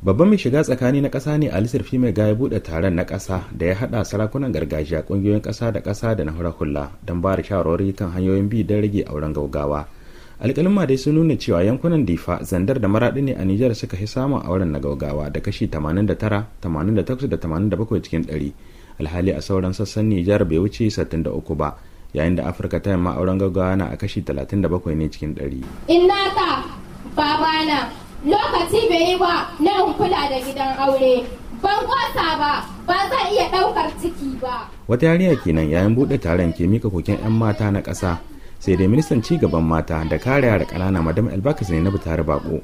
babban mai shiga tsakani na ƙasa ne a lissafi mai gaya buɗe taron na ƙasa da ya haɗa sarakunan gargajiya ƙungiyoyin ƙasa da ƙasa da na hura hula don ba da shawarwari kan hanyoyin bi don rage auren gaugawa alƙalin dai sun nuna cewa yankunan difa zandar da maraɗi ne a nijar suka fi samun auren na gaugawa da kashi 89 88 da 87 cikin 100 alhali a sauran sassan nijar bai wuce 63 ba yayin da afirka ta yamma auren gaugawa na a kashi 37 ne cikin 100 babana lokaci bai yi ba na kula da gidan aure ban kwasa ba ba zan iya ɗaukar ciki ba wata yarinya kenan yayin buɗe taron ke mika koken 'yan mata na kasa sai dai ministan ci gaban mata da kare yara kanana madam albakas ne na tare bako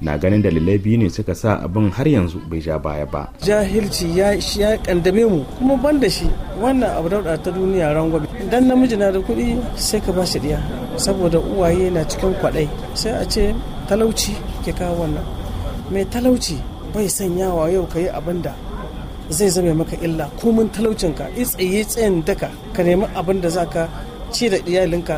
na ganin dalilai biyu ne suka sa abin har yanzu bai ja baya ba jahilci ya shi ya kandame mu kuma ban da shi wannan abu da ta duniya rangwabe idan namiji na da kuɗi sai ka ba shi diya saboda uwaye na cikin kwaɗai sai a ce talauci ke kawo wannan mai talauci bai sanyawa yau ka yi abin da zai zame maka illa komin talaucinka ka tsaye tsayin daka ka nemi abin da za ka ci da iyalinka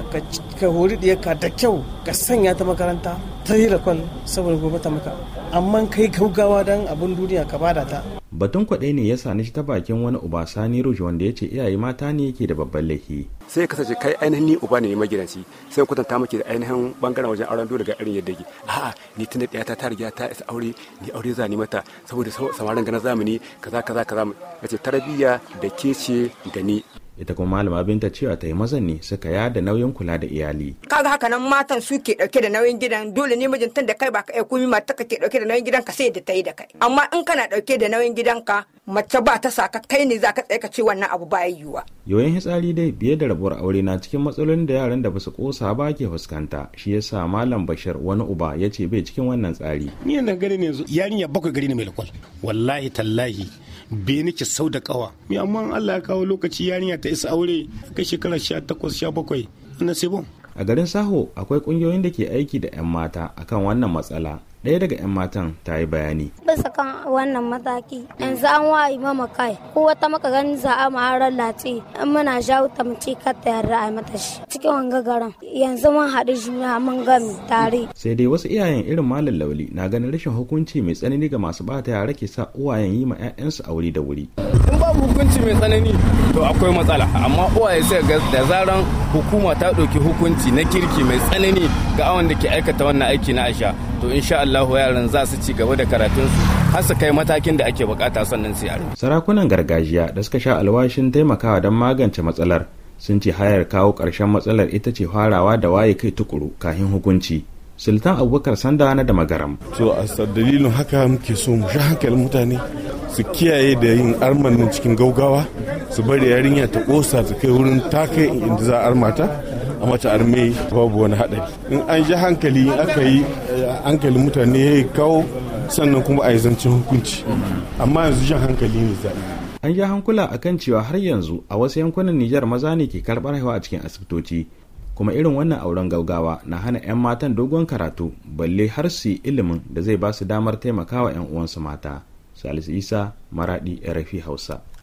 ka hori diyarka da kyau ka sanya ta makaranta ta yi kwal saboda gobe ta maka amma kai gaugawa don abin duniya ka bada ta batun kwaɗai ne ya sani shi ta bakin wani uba sani ruji wanda ya ce iyaye mata ne ke da babban laifi sai ya kasance kai ainihin ni uba ne magidanci sai kwatanta maki da ainihin bangaren wajen auren dole ga irin yadda yake a'a ni tun da ɗiyata ta riga ta isa aure ni aure za ni mata saboda samarin gana zamani kaza kaza kaza ce tarbiyya da ke ce da ni ita kuma malama binta cewa ta yi mazan ne suka da nauyin kula da iyali kaga haka nan matan su ke dauke da nauyin gidan dole ne mijinta da kai ba ka iya kumi mata ka ke dauke da nauyin gidan ka sai da ta yi da kai amma in kana dauke da nauyin gidan ka mace ba ta saka kai ne za ka tsaye ka ce wannan abu ba yiwuwa yoyin hitsari dai biye da rabuwar aure na cikin matsalolin da yaran da basu kosa ba ke fuskanta shi yasa malam bashir wani uba ya ce bai cikin wannan tsari ni yana gani ne yarinya bakwai gari ne mai lakwal wallahi tallahi bene nake sau da kawa mai amma Allah ya kawo lokaci yarinya ta isa aure kai shekara 18 17 na sai bon a garin saho akwai kungiyoyin da ke aiki da 'yan mata akan wannan matsala ɗaya daga 'yan matan ta yi bayani. Bisa kan wannan mataki yanzu an wayi mama kai ko wata maka gani za a ma'arar latsi in muna jawo ta mace kar ta yarda a mata shi cikin wanga garan yanzu mun haɗu juna mun gami tare. Sai dai wasu iyayen irin malam lauli na ganin rashin hukunci mai tsanani ga masu bata yara ke sa uwayen yi ma 'ya'yansu aure da wuri. In babu hukunci mai tsanani to akwai matsala amma uwaye sai ga da zaran hukuma ta ɗauki hukunci na kirki mai tsanani ga awon da ke aikata wannan aiki na aisha. to insha Allah yaran za su ci gaba da karatunsu har su kai matakin da ake bukata sannan sai a sarakunan gargajiya da suka sha alwashin taimakawa don magance matsalar sun ce hayar kawo ƙarshen matsalar ita ce farawa da waye kai tukuru kafin hukunci sultan abubakar sanda na da magaram to a dalilin haka muke so mu sha hankalin mutane su kiyaye da yin arman cikin gaugawa su bari yarinya ta kosa ta kai wurin ta kai inda za a armata a mata arme babu wani haɗari in an ji hankali aka yi hankali mutane ya yi kawo sannan kuma a yi zancen hukunci amma yanzu jan hankali ne za an yi hankula a kan cewa har yanzu a wasu yankunan nijar maza ne ke karɓar haihuwa a cikin asibitoci kuma irin wannan auren gaugawa na hana 'yan matan dogon karatu balle har su ilimin da zai ba su damar taimakawa 'yan uwansu mata salisu isa maradi rfi hausa